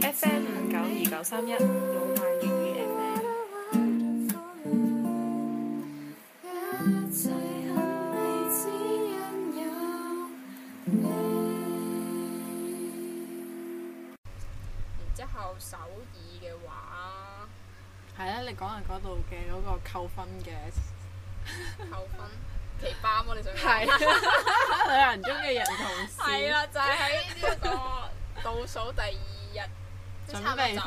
FM 五九二九三一，老爺粵語 FM。然之後首爾，周二嘅話係啦，你講下度嘅個扣分嘅扣分 奇葩麼？你想？係、啊，兩 人中嘅人同係啦、 啊，就喺、是、呢、這個 倒數第二日。差唔多就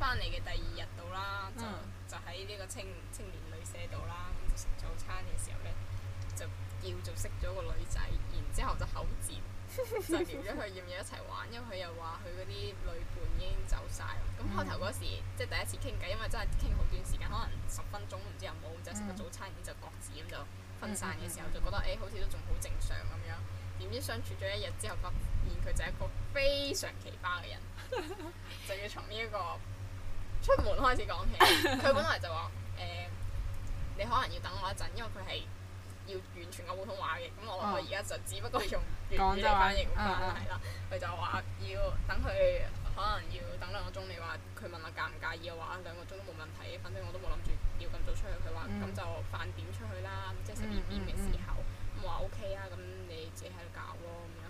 翻嚟嘅第二日度啦，嗯、就就喺呢個青青年旅社度啦。咁就食早餐嘅時候咧，就叫做識咗個女仔，然之後就口賤，就撩咗佢要唔要一齊玩， 因為佢又話佢嗰啲女伴已經走晒。咁開頭嗰時，嗯、即係第一次傾偈，因為真係傾好短時間，可能十分鐘唔知有冇，就食個早餐，然之後咁就各自咁就分散嘅時候，嗯嗯嗯嗯嗯、就覺得誒、欸，好似都仲好正常咁樣。點知相處咗一日之後，發現佢就係一個非常奇葩嘅人， 就要從呢一個出門開始講起。佢 本來就話誒、呃，你可能要等我一陣，因為佢係要完全嘅普通話嘅，咁、哦、我我而家就只不過用粵語翻譯翻係啦。佢的、嗯嗯、就話要等佢，可能要等兩個鐘。你話佢問我介唔介意嘅話，兩個鐘都冇問題，反正我都冇諗住要咁早出去。佢話咁就飯點出去啦，即係食麵麵嘅時候，咁話 OK 啊咁。自己喺度搞咯，咁樣，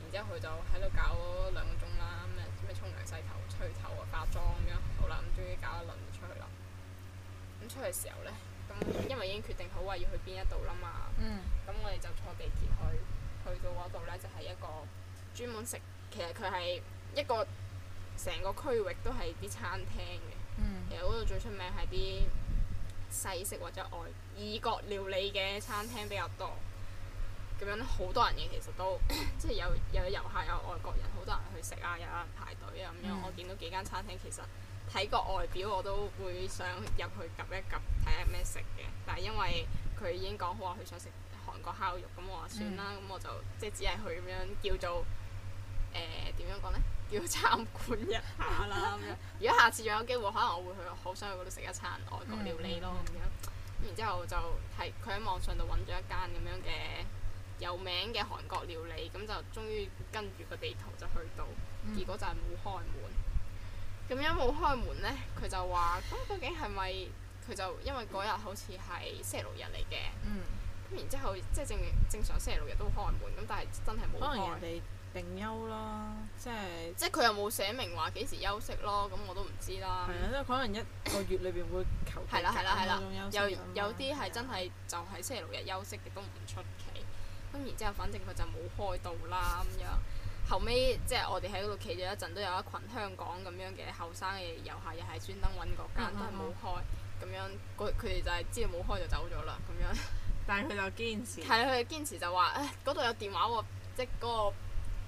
然之後佢就喺度搞咗兩個鐘啦，咩咩沖涼洗頭吹頭啊、化妝咁樣，好啦，咁終於搞一輪出去啦。咁出去時候咧，咁因為已經決定好話要去邊一度啦嘛，咁、嗯、我哋就坐地鐵去，去到嗰度咧就係一個專門食，其實佢係一個成個區域都係啲餐廳嘅，嗯、其實嗰度最出名係啲西式或者外異國料理嘅餐廳比較多。咁樣好多人嘅，其實都 即係有有遊客，有外國人，好多人去食啊，有有人排隊啊咁樣。Mm. 我見到幾間餐廳，其實睇個外表我都會想入去 𥄫 一 𥄫 睇下咩食嘅。但係因為佢已經講好話，佢想食韓國烤肉，咁我話算啦，咁我就，mm. 我就即係只係去咁樣叫做誒呃、點樣講咧，叫參觀一下啦咁 樣。 如果下次仲有機會，可能我會去好想去嗰度食一餐外國料理咯咁樣。Mm. 嗯、然之後，後就係佢喺網上度揾咗一間咁樣嘅。有名嘅韓國料理，咁就終於跟住個地圖就去到，結果就係冇開門。咁一冇開門咧，佢就話：咁究竟係咪佢就因為嗰日好似係星期六日嚟嘅？咁、嗯、然之後即係正正常星期六日都開門，咁但係真係冇開。可能人哋定休咯，即係。即係佢又冇寫明話幾時休息咯，咁我都唔知啦。係啊、嗯，即係可能一個月裏邊會求。係啦係啦係啦，有有啲係真係就喺星期六日休息亦都唔出了。了咁然之後，反正佢就冇開到啦咁樣。後尾即係我哋喺嗰度企咗一陣，都有一群香港咁樣嘅後生嘅遊客，又係專登揾嗰間，但係冇開咁樣。佢哋就係知道冇開就走咗啦咁樣。但係佢就堅持。係佢就堅持就話，誒嗰度有電話喎、哦，即係嗰、嗰個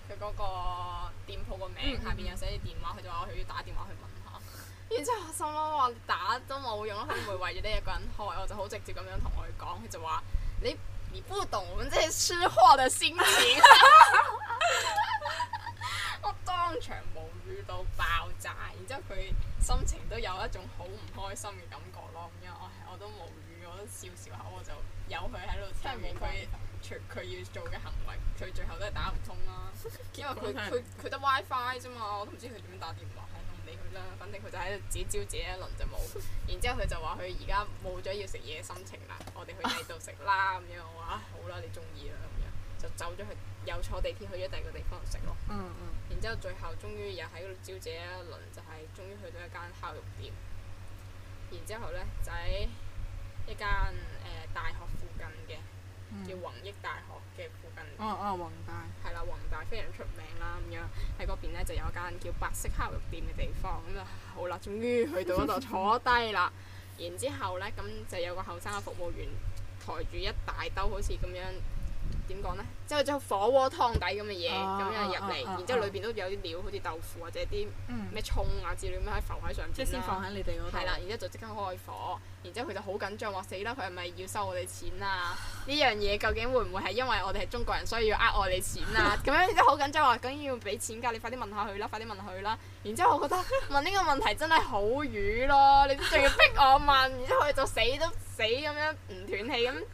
佢嗰個店鋪個名、嗯、哼下面有寫啲電話，佢就話我要打電話去問下。然之後我心諗話打都冇用佢唔 會為咗呢一個人開，我就好直接咁樣同我哋講，佢就話你。你不懂我們這些吃貨的心情， 我當場無語到爆炸，然之後，佢心情都有一種好唔開心嘅感覺咯。咁樣，我我都無語，我都笑笑口，我就由佢喺度。雖然佢除佢要做嘅行為，佢最後都係打唔通啦，啊，因為佢佢佢得 WiFi 啫嘛，我都唔知佢點樣打電話。畀佢啦，反正佢就喺度自己招自己一輪就冇，然之後佢就話佢而家冇咗要食嘢嘅心情啦，我哋去第度食啦咁樣，啊、我話好啦，你中意啦咁樣，就走咗去，又坐地鐵去咗第二個地方食咯，嗯嗯，然之後最後終於又喺度招自己一輪，就係終於去到一間烤肉店，然之後咧就喺一間誒、呃、大學。叫弘益大學嘅附近，哦哦，宏大，係啦，宏大非常出名啦咁樣，喺嗰邊咧就有間叫白色烤肉店嘅地方，咁啊好啦，終於去到嗰度 坐低啦，然之後咧咁就有個後生嘅服務員抬住一大兜，好似咁樣。點講呢？即係做火鍋湯底咁嘅嘢咁樣入嚟，然之後裏邊都有啲料，好似豆腐或者啲咩葱啊之類咁樣浮喺上邊。即先放喺你哋嗰度。係啦，然之後就即刻開火，然之後佢就好緊張，話死啦！佢係咪要收我哋錢啊？呢樣嘢究竟會唔會係因為我哋係中國人，所以要呃我哋錢啊？咁 樣然之後好緊張，話梗要俾錢㗎！你快啲問下佢啦，快啲問下佢啦！然之後我覺得問呢個問題真係好瘀咯，你仲要逼我問， 然之後佢就死都死咁樣唔斷氣咁。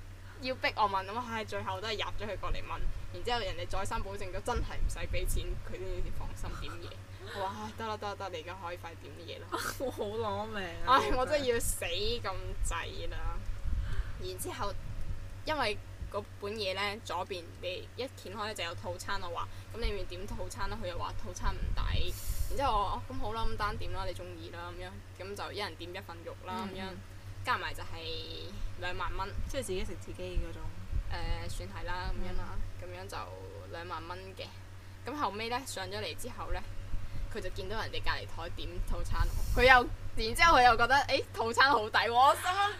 要逼我問咁，唉，最後都係入咗佢過嚟問，然之後人哋再三保證咗真係唔使俾錢，佢先至放心點嘢。我話唉，得啦得啦，得你而家可以快啲點嘢啦。 我好攞命、啊。唉、哎，我真係要死咁滯啦！ 然之後，因為嗰本嘢呢，左邊你一掀開就有套餐，我話咁你咪點套餐啦。佢又話套餐唔抵。然之後我咁、啊、好啦，咁單點啦，你中意啦咁樣，咁就一人點一份肉啦咁樣。嗯加埋就係兩萬蚊。即係自己食自己嗰種。呃、算係啦，咁樣啦，咁樣就兩萬蚊嘅。咁後尾咧上咗嚟之後咧，佢就見到人哋隔離台點套餐，佢又，然之後佢又覺得，誒、欸、套餐好抵喎， 我心諗、啊，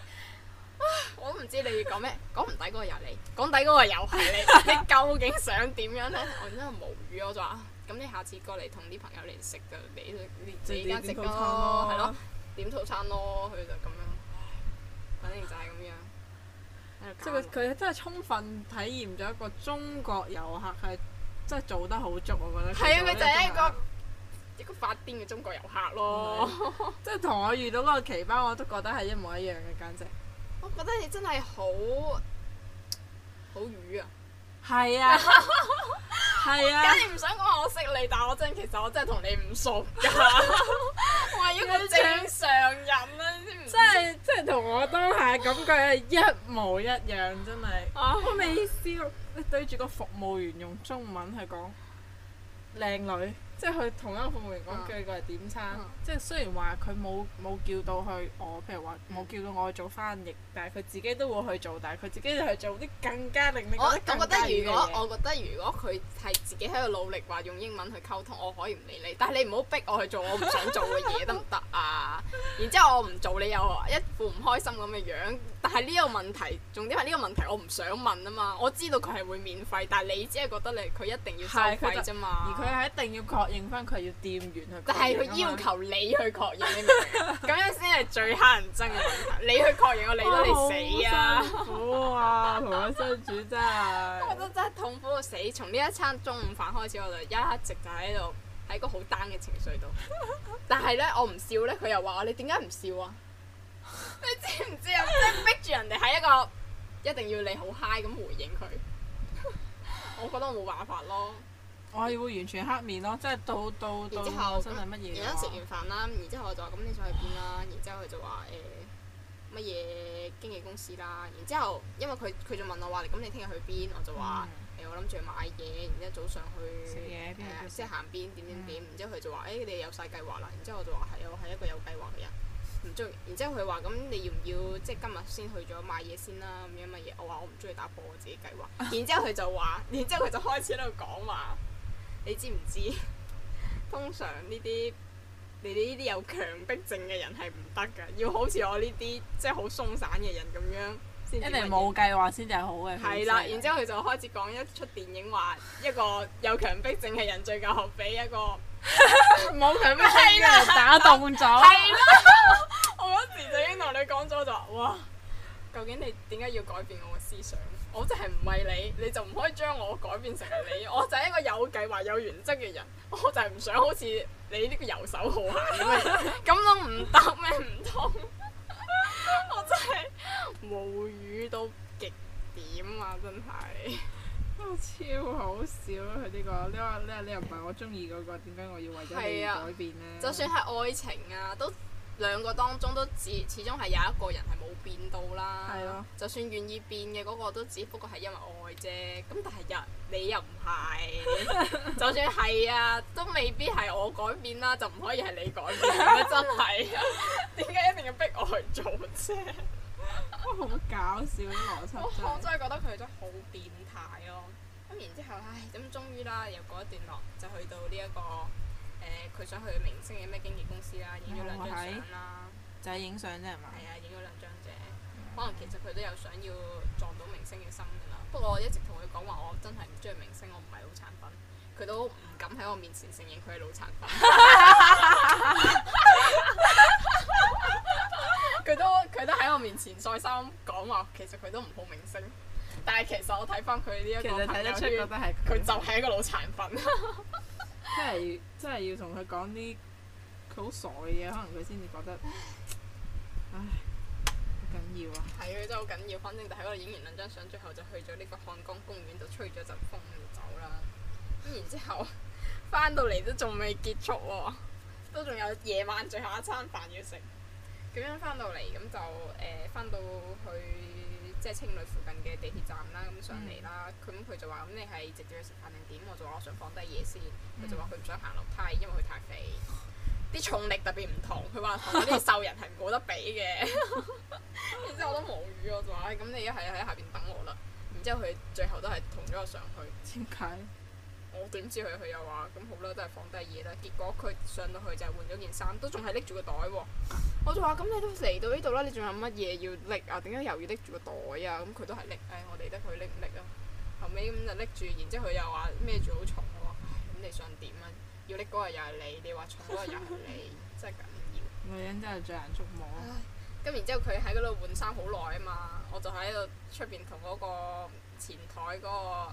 我都唔知你要講咩，講唔抵嗰個又你，講抵嗰個又係你， 你究竟想點樣咧？ 我真係無語，我就話，咁你下次過嚟同啲朋友嚟食就你你你一家食咯，係咯，咯，點套餐咯，佢就咁樣。反正就係咁樣，即係佢，真係充分體驗咗一個中國遊客係、嗯、真係做得好足，我覺得。係啊，佢就係一個一個發癲嘅中國遊客咯。對 即係同我遇到個奇葩我都覺得係一模一樣嘅簡直。我覺得你真係好好魚啊！係啊，係啊。緊係唔想講我識你，但我真係其實我真係同你唔熟㗎。 我係一個正常人啊！真係，真係，同我當下感覺係一模一樣，真係，啊，我未笑，你對住個服務員用中文係講靚女。即係佢同一個服務員講叫佢嚟點餐，嗯、即係雖然話佢冇冇叫到去我，譬如話冇叫到我去做翻譯，但係佢自己都會去做，但係佢自己就去做啲更加令你我覺我覺得如果東西 我覺得如果佢係自己喺度努力話用英文去溝通，我可以唔理你，但係你唔好逼我去做我唔想做嘅嘢得唔得啊？ 然之後我唔做你，你又一副唔開心咁嘅樣。但係呢個問題，重點係呢個問題我唔想問啊嘛。我知道佢係會免費，但係你只係覺得你佢一定要收費啫嘛，而佢係 一定要確認。 認翻佢係要店員去，但係佢要求你去確認， 你明唔明？咁樣先係最乞人憎嘅問題。你去確認，我理得你死啊！哦、苦啊， 同個新主真係，我覺得真係痛苦到死。從呢一餐中午飯開始，我就一直就喺度喺個好 down 嘅情緒度。 但係咧，我唔笑咧，佢又話我：你點解唔笑啊？你知唔知啊？即係逼住人哋喺一個一定要你好 high 咁回應佢， 我覺得我冇辦法咯。我係會完全黑面咯，即係到到到，之後真係乜嘢。然之後食完飯啦，然之後我就話：咁你想去邊啦？然之後佢就話誒乜嘢經紀公司啦。然之後因為佢佢就問我話：咁你聽日去邊？我就話誒我諗住買嘢，然之後早上去食嘢先行邊點點點。然之後佢就話：誒你有晒計劃啦。然之後我就話：係我係一個有計劃嘅人，唔中。然之後佢話：咁你要唔要即係今日先去咗買嘢先啦？咁樣乜嘢？我話我唔中意打破我自己計劃。然之後佢就話，然之後佢就開始喺度講話。你知唔知？通常呢啲，你哋呢啲有強迫症嘅人係唔得噶，要好似我呢啲即係好鬆散嘅人咁樣。先一定冇計劃先至係好嘅。係啦，然之後佢就開始講一出電影，話一個有強迫症嘅人最後俾一個冇強迫症嘅人打動咗。係啦 是的， 我嗰時就已經同你講咗，就哇，究竟你點解要改變我嘅思想？我就係唔係你，你就唔可以將我改變成你。我就係一個有計劃、有原則嘅人，我就係唔想好似你呢個遊手好閒咁 樣。咁都唔得咩？唔通？我真係無語到極點啊！真係、哦。超好笑啊！佢呢、這個，你話你你又唔係我中意嗰個，點、這、解、個我，那個、我要為咗你改變呢？啊、就算係愛情啊，都～兩個當中都只始終係有一個人係冇變到啦，啊、就算願意變嘅嗰、嗰個都只不過係因為愛啫。咁但係又你又唔係， 就算係啊，都未必係我改變啦，就唔可以係你改變啊！ 真係，點解一定要逼我去做啫？ 好搞笑啲邏輯！我真係覺得佢哋都好變態咯、啊。咁然後之後，唉，咁終於啦，又過一段落，就去到呢、呢、一個。佢、呃、想去明星嘅咩經紀公司啦，影咗兩張相啦，就係影相啫係嘛？係啊，影咗兩張啫。嗯、可能其實佢都有想要撞到明星嘅心噶啦。不過我一直同佢講話，我真係唔中意明星，我唔係腦殘粉。佢都唔敢喺我面前承認佢係腦殘粉。佢 都佢都喺我面前再三講話，其實佢都唔好明星。但係其實我睇翻佢呢一個朋友圈，睇得出佢就係一個腦殘粉。 即係真係要同佢講啲佢好傻嘅嘢，可能佢先至覺得，唉，好緊要啊！係，真係好緊要。反正就喺度影完兩張相，最後就去咗呢個漢江公園，就吹咗陣風就走啦。咁然之後翻到嚟都仲未結束喎、啊，都仲有夜晚最後一餐飯要食。咁樣翻到嚟咁就誒翻、呃、到去。即係青旅附近嘅地鐵站啦，咁上嚟啦，佢咁佢就話：咁你係直接去食飯定點？我就話我想放低嘢先。佢、嗯、就話佢唔想行落梯，因為佢太肥，啲 重力特別唔同。佢話同啲瘦人係唔冇得比嘅。然之後我都無語，我就話：咁你一係喺下邊等我啦。嗯、然之後佢最後都係同咗我上去。點解？我點知佢？佢又話咁、嗯、好啦，都係放低嘢啦。結果佢上到去就換咗件衫，都仲係拎住個袋喎。我就話：咁你都嚟到呢度啦，你仲有乜嘢要拎啊？點解又要拎住個袋啊？咁佢都係拎，誒、啊啊嗯哎，我哋得佢拎唔拎啊？後尾咁就拎住，然之後佢又話咩住好重，啊，我話咁你想點啊？要拎嗰日又係你，你話重嗰日又係你， 真係緊要。女人真係最難捉摸。咁然之後佢喺嗰度換衫好耐啊嘛，我就喺度出邊同嗰個前台嗰，那個。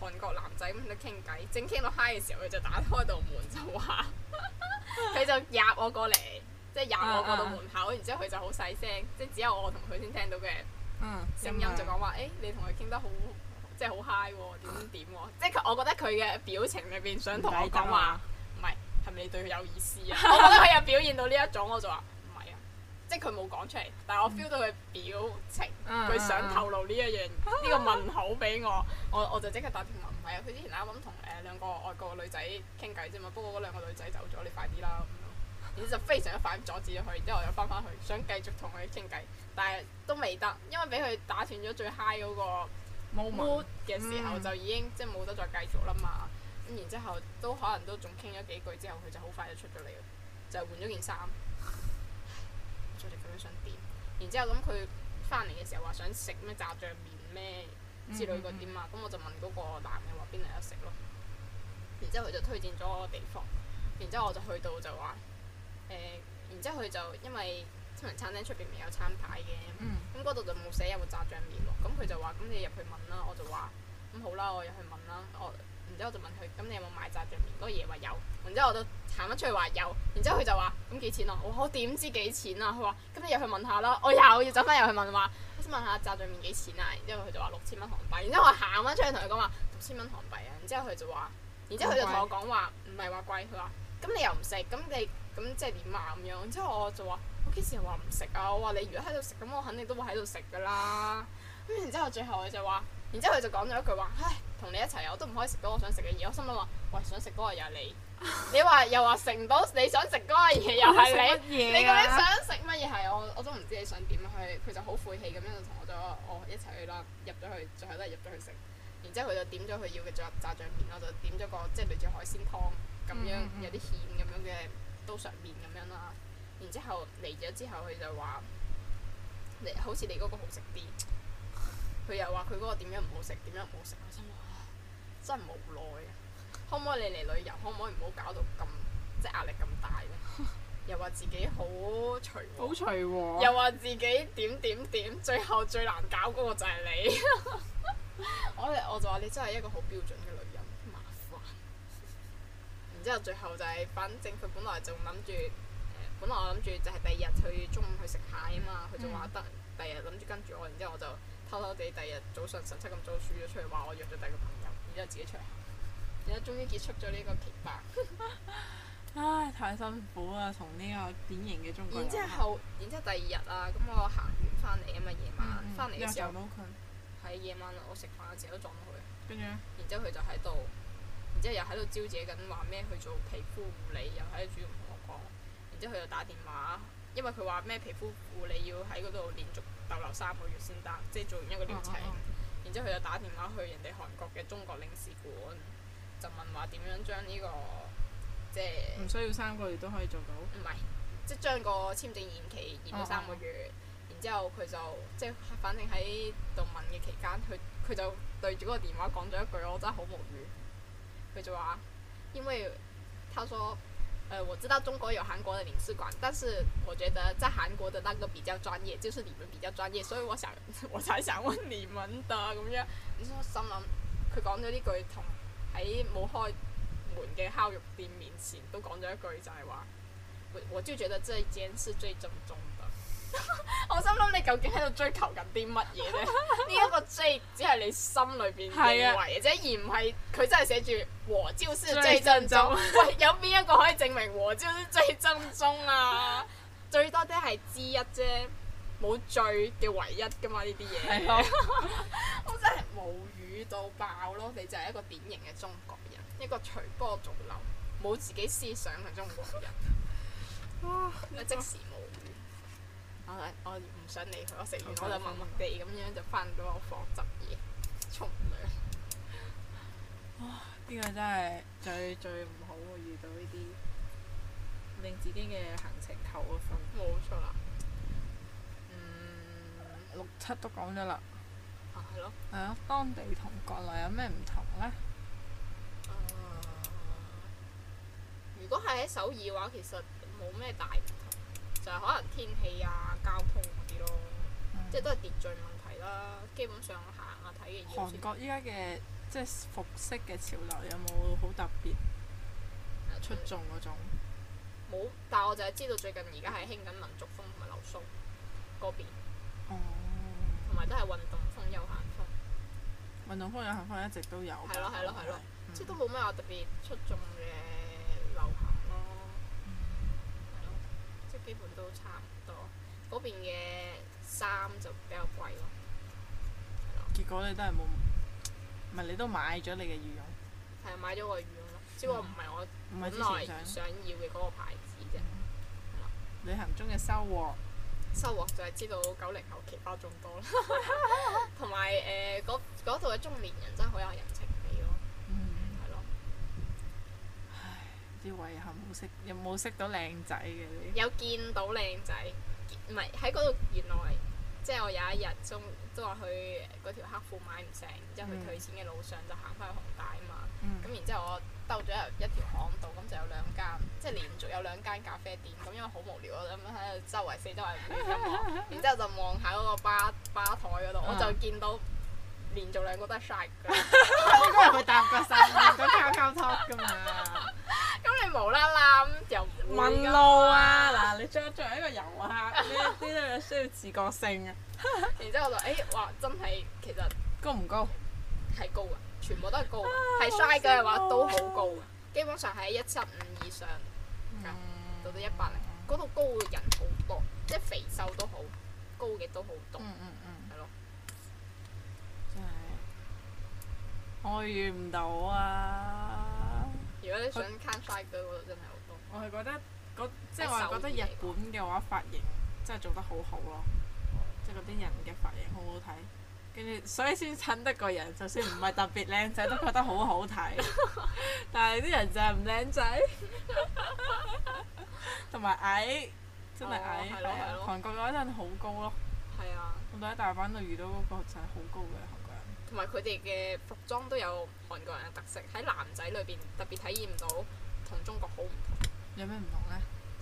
韓國男仔咁喺度傾偈，正傾到嗨嘅時候，佢就打開道門就話，佢 就入我過嚟，即係入我過到門口，uh, uh. 然之後佢就好細聲，即係只有我同佢先聽到嘅聲音就，就講話，誒你同佢傾得好，即係好嗨喎，點點喎，uh. 即係我覺得佢嘅表情裏邊想同我講話，唔係係咪你對佢有意思啊？ 我覺得佢有表現到呢一種，我就話。即佢冇講出嚟，但係我 feel 到佢表情，佢、嗯、想透露呢一樣呢個問號俾我、嗯、我，我我就即刻打電話唔係啊，佢之前啱啱同誒兩個外國女仔傾偈啫嘛，不過嗰兩個女仔走咗，你快啲啦咁咯。然之就非常之快阻止咗佢，然之後又翻返去想繼續同佢傾偈，但係都未得，因為俾佢打斷咗最 high 嗰、那個 moment 嘅時候、嗯、就已經即係冇得再繼續啦嘛。咁然之後都可能都仲傾咗幾句之後，佢就好快就出咗嚟，就換咗件衫。食咁樣想點，然之後咁佢翻嚟嘅時候話想食咩炸醬麵，咩之類嗰啲嘛，咁、嗯、我就問嗰個男嘅話邊度有食咯，然之後佢就推薦咗我個地方，然之後我就去到就話，誒、呃，然之後佢就因為私人餐廳出邊未有餐牌嘅，咁嗰度就冇寫有冇炸醬麵喎，咁佢就話咁你入去問啦，我就話咁好啦，我入去問啦，我。然之後我就問佢：咁你有冇買炸醬麵？嗰個爺話有。然之後我就行翻出去話有。然之後佢就話：咁幾錢啊？我我點知幾錢啊？佢話：咁你入去問下啦。我又要走翻入去問話，我想問下炸醬麵幾錢啊？然之後佢就話六千蚊韓幣。然之後我行翻出去同佢講話六千蚊韓幣啊。然之後佢就話：然之後佢就同我講話唔係話貴。佢話：咁你又唔食，咁你咁即係點啊？咁樣。之後我就話：我幾時又話唔食啊？我話你如果喺度食，咁我肯定都會喺度食㗎啦。咁然之後最後佢就話。然之後佢就講咗一句話，唉，同你一齊啊，我都唔可以食到我想食嘅嘢。我心諗話，喂，想食嗰個又係你， 你話又話食唔到你想食嗰個嘢，又係你嘢？ 你你想食乜嘢係我我都唔知你想點。佢佢就好晦氣咁樣同我咗我一齊去啦，入咗去最後都係入咗去食。然之後佢就點咗佢要嘅炸炸醬麵，我就點咗個即係類似海鮮湯咁樣嗯嗯有啲芡咁樣嘅刀削麵咁樣啦。然之後嚟咗之後，佢就話好似你嗰個好食啲。佢又話：佢嗰個點樣唔好食，點樣唔好食。我心諗真係無奈啊！可唔可以你嚟旅遊？可唔可以唔好搞到咁即係壓力咁大、啊？ 又話自己好隨和，啊、又話自己點點點，最後最難搞嗰個就係你 我。我就話你真係一個好標準嘅女人，麻煩。 然之後最後就係，反正佢本來就諗住、呃、本來我諗住就係第二日去中午去食蟹啊嘛。佢就話得第二日諗住跟住我，然之後我就。偷偷哋第二日早上十七咁早輸咗出嚟，話我約咗第二個朋友，然之後自己出去行，然之後終於結束咗呢個奇葩。 唉，太辛苦啦，同呢個典型嘅中國人。然之後，然之後第二日啊，咁我行完翻嚟啊嘛，夜晚翻嚟嘅時候，喺夜晚我食飯嘅時候都撞到佢。跟住然之後佢就喺度，然之後又喺度招惹緊話咩去做皮膚護理，又喺度主動同我講。然之後佢又打電話，因為佢話咩皮膚護理要喺嗰度連續。逗留三個月先得，即係做完一個流程。Oh, oh. 然之後佢就打電話去人哋韓國嘅中國領事館，就問話點樣將呢個即係。唔需要三個月都可以做到。唔係，即係將個簽證延期延到三個月。Oh, oh. 然之後佢就即係，反正喺度問嘅期間，佢佢就對住嗰個電話講咗一句，我真係好無語。佢就話，因為他所。誒、呃，我知道中國有韓國的領事館，但是我覺得在韓國的那個比較專業，就是你們比較專業，所以我想，我才想問你們的咁樣。我心諗佢講咗呢句同喺冇開門嘅烤肉店面前都講咗一句，就係話，我我就覺得這一間是最正宗。 我心諗你究竟喺度追求緊啲乜嘢呢？呢一 個追只係你心裏邊認為，或者是、啊、而唔係佢真係寫住和招先最，最正宗。 喂，有邊一個可以證明和招先最正宗啊？ 最多啲係之一啫，冇最嘅唯一噶嘛呢啲嘢。是啊、 我真係無語到爆咯！你就係一個典型嘅中國人，一個隨波逐流、冇自己思想嘅中國人。啊！即時冇。我唔想理佢，我食完我就默默地咁 樣就翻到我房執嘢沖涼。呢、 哦這個真係最最唔好喎，遇到呢啲令自己嘅行程扣個分。冇錯啦。嗯，六七都講咗啦。啊，係咯。係咯、啊，當地同國內有咩唔同咧、呃？如果係喺首爾嘅話，其實冇咩大唔同。可能天氣啊、交通嗰啲咯，嗯、即係都係秩序問題啦。基本上行下睇嘅。韓國依家嘅即係服飾嘅潮流有冇好特別出眾嗰種？冇、嗯嗯，但係我就係知道最近而家係興緊民族風同埋流蘇嗰邊。哦、嗯。同埋都係運動風、休閒風。運動風、休閒風一直都有。係咯係咯係咯，即係都冇咩話特別出眾嘅。基本都差唔多，嗰邊嘅衫就比較貴咯。結果你都係冇，唔係你都買咗你嘅羽絨。係、嗯、買咗我嘅羽絨咯，只不過唔係我唔原來想要嘅嗰個牌子啫。嗯、吧旅行中嘅收穫，收穫就係知道九零後奇葩眾多啦，同埋誒嗰度嘅中年人真係好有人啲遺憾，冇識有冇識到靚仔嘅？有見到靚仔，唔係喺嗰度。原來即係我有一日，中都話去嗰條黑褲買唔成，然之後去退錢嘅路上就行翻去紅帶啊嘛。咁、嗯、然之後我兜咗入一,一條巷度，咁、嗯、就有兩間，即係連續有兩間咖啡店。咁、嗯、因為好無聊，嗯、我咁樣喺度周圍四周圍亂咁望， 然之後就望下嗰個吧吧台嗰度，我就見到。嗯 連續兩個都係 short，因為佢踏入個山，佢交交托㗎嘛。咁你無啦啦又問路啊？嗱， 你着作為一個人話呢啲咧需要自覺性啊！ 然之後我就誒、欸，哇！真係其實高唔高？係高啊！全部都係高㗎，係 short 嘅話都好高，基本上喺一七五以上，嗯嗯、到到一百零，嗰度高嘅人好多，即係肥瘦都好高嘅都好多，嗯嗯嗯，係咯、嗯。嗯我遇唔到啊！如果你想 contact 到嗰度，真係好多。我係覺得嗰即係首我係覺得日本嘅話髮型真係做得好好咯，嗯、即係嗰啲人嘅髮型好好睇，跟住所以先襯得個人，就算唔係特別靚仔， 都覺得好好睇。但係啲人就係唔靚仔，同 埋矮，真係矮。韓國嗰陣好高咯。係啊啦！我喺大阪度遇到嗰、那個就係好高嘅。同埋佢哋嘅服裝都有韓國人嘅特色，喺男仔裏邊特別體驗到同中國好唔同。有咩唔同咧？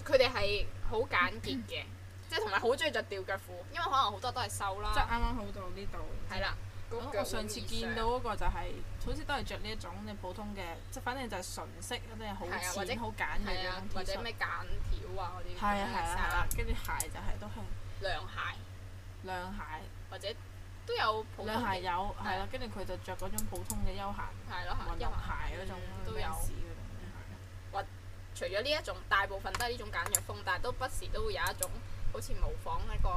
佢哋係好簡潔嘅， 即係同埋好中意着吊腳褲，因為可能好多都係瘦啦。即係啱啱好到呢度。係啦。咁我上次見到嗰個就係、是，好似都係着呢一種普通嘅，即反正就係純色，一定係好淺、好簡嘅或者咩間條啊嗰啲。係啊係啊係啦，跟住鞋就係都係涼鞋。涼鞋或者。都有普通嘅鞋有，係啦對，跟住佢就着嗰種普通嘅休閒對運動鞋嗰閒種，嗯、都有。或閒除咗呢一種，大部分都係呢種簡約風，但係都不時都會有一種好似模仿一個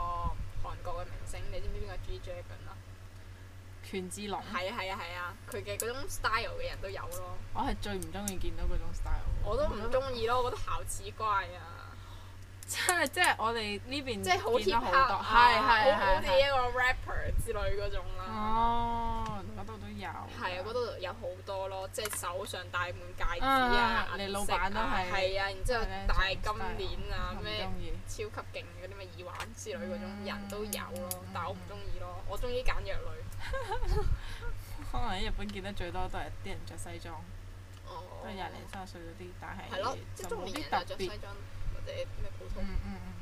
韓國嘅明星，你知唔知邊個？G Dragon 咯。權志龍。係啊係啊係啊！佢嘅嗰種 style 嘅人都有咯。我係最唔中意見到嗰種 style。我都唔中意咯，我覺得好似怪啊。真係即係我哋呢邊見得好多，係係係好好嘅一個 rapper 之類嗰種啦。哦，嗰度都有。係啊，嗰度有好多咯，即係手上戴滿戒指啊，銀色啊，你老闆都係，係啊，然之後戴金鏈啊，咩超級勁嗰啲咩耳環之類嗰種人都有咯，但我唔中意咯，我中意揀簡約嘅。可能喺日本見得最多都係啲人著西裝，都係廿零三十歲嗰啲打係，即係中年嘅人著西裝，就冇啲特別。或者咩普通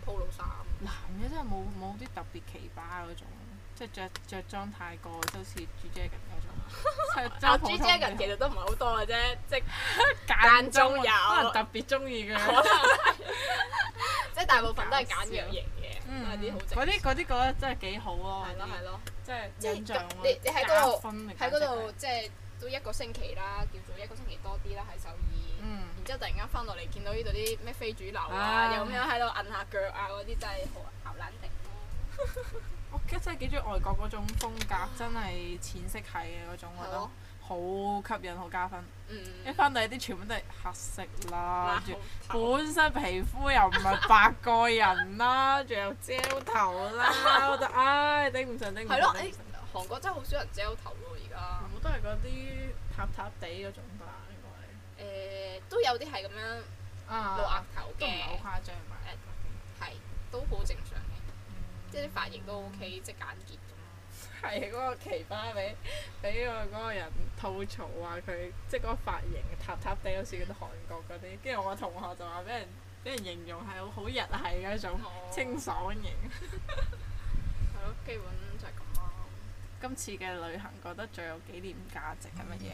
，polo 嗯嗯嗯衫。男嘅真係冇冇啲特別奇葩嗰種，即係着著裝太過，即好似 G Dragon 嗰種。我、 啊、G Dragon 其實都唔係好多嘅啫，即係 間中有。可能特別中意嘅。可能 即係大部分都係簡約型嘅，都啲、 嗯嗯、好正。嗰啲嗰啲覺得真係幾好咯，係咯係咯，即係印象咯。你你加分嚟喺嗰度即係都一個星期啦，叫做一個星期多啲啦，喺首爾。嗯，然之後突然間翻到嚟見到呢度啲咩非主流啊，又咁樣喺度摁下腳啊，嗰啲真係好難定咯。我真係幾中意外國嗰種風格，真係淺色系嘅嗰種，我覺得好吸引，好加分。一翻到嚟啲全部都係黑色啦，本身皮膚又唔係白過人啦，仲有 gel 頭啦，我就唉頂唔順，頂唔順。係咯，韓國真係好少人 gel 頭咯，而家都係嗰啲塌塌地嗰種。誒都有啲係咁樣露、啊、額頭都唔係好誇張吧？係、欸、對都好正常嘅，嗯、即係啲髮型都 OK，嗯、即係簡潔咁咯。係嗰、嗰個奇葩俾俾個嗰個人吐槽話佢，即係嗰個髮型塌塌地，好似覺得韓國嗰啲。跟住、嗯、我個同學就話俾人俾人形容係好日系嘅一種清爽型。係咯、哦， 基本就係咁咯。今次嘅旅行覺得最有紀念價值係乜嘢？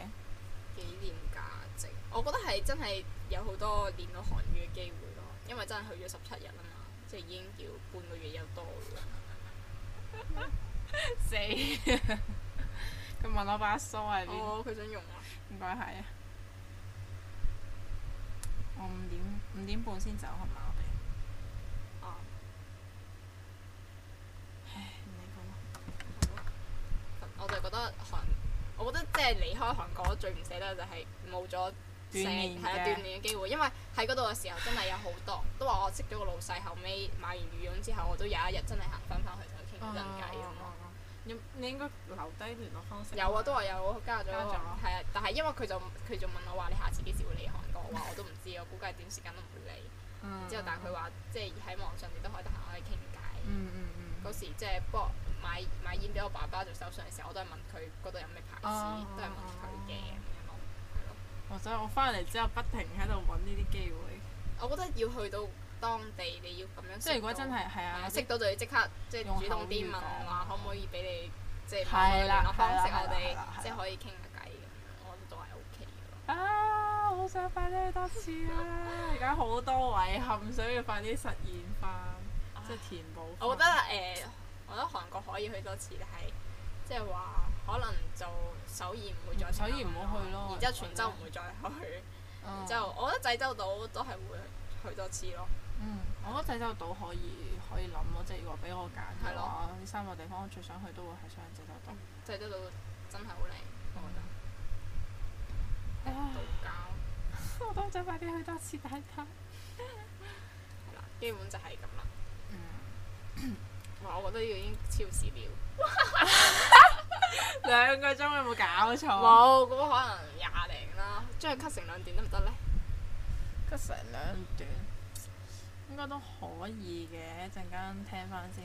紀念價。我覺得係真係有好多練到韓語嘅機會咯，因為真係去咗十七日啊嘛，即係已經叫半個月有多啦。死、 嗯！佢 問我把梳喺邊？哦，佢想用啊？唔該係啊！我五點五點半先走係咪？我哋啊！唉，唔理佢啦。我哋覺得韓。我覺得即係離開韓國最唔捨得就係冇咗鍛係啊鍛鍊嘅、啊、機會，因為喺嗰度嘅時候真係有好多，都話我識咗個老細，後尾買完羽絨之後，我都有一日真係行翻翻去同佢傾緊偈啊！咁、啊啊嗯、你應該留低聯絡方式。有，有了啊，都話有啊，加咗，係啊，但係因為佢就佢就問我話你下次幾時會嚟韓國，我話我都唔知，我估計短時間都唔會嚟。嗯。之後但係佢話即係喺網上你都可以得閒可以傾偈。嗯嗯嗰時即係不過。買買煙俾我爸爸做手信嘅時候，我都係問佢嗰度有咩牌子，都係問佢嘅咁樣，係咯。或者我翻嚟之後不停喺度揾呢啲機會。我覺得要去到當地，你要咁樣。即係如果真係係啊，識到就要即刻，即係主動啲問我話，可唔可以俾你借我聯絡方式？我哋即係可以傾下偈咁樣，我覺得都係 OK 嘅。啊！好想快啲去多次啊！而家好多遺憾想要快啲實現翻，即係填補。我覺得誒。我覺得韓國可以去多次，但係即係話可能就首爾唔會再首爾唔好去咯，然之後全州唔會再去，然之後我覺得濟州島都係會去多次咯、嗯。我覺得濟州島可以可以諗咯，即係如果俾我揀嘅話，呢三個地方我最想去都會係想去濟州島，濟州島真係好靚，嗯、我覺得。啊！渡假我都想快啲去多次曬佢。係 基本就係咁啦。 我覺得要已經超時了，兩個鐘有冇搞錯？冇，咁可能廿零啦，將佢 cut 成兩段得唔得咧？cut 成兩段應該都可以嘅，一陣間聽翻先。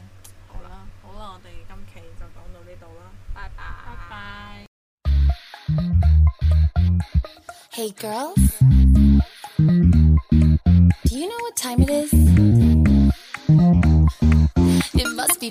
好啦，好啦，我哋今期就講到呢度啦。拜拜。Hey girls, do you know what time it is?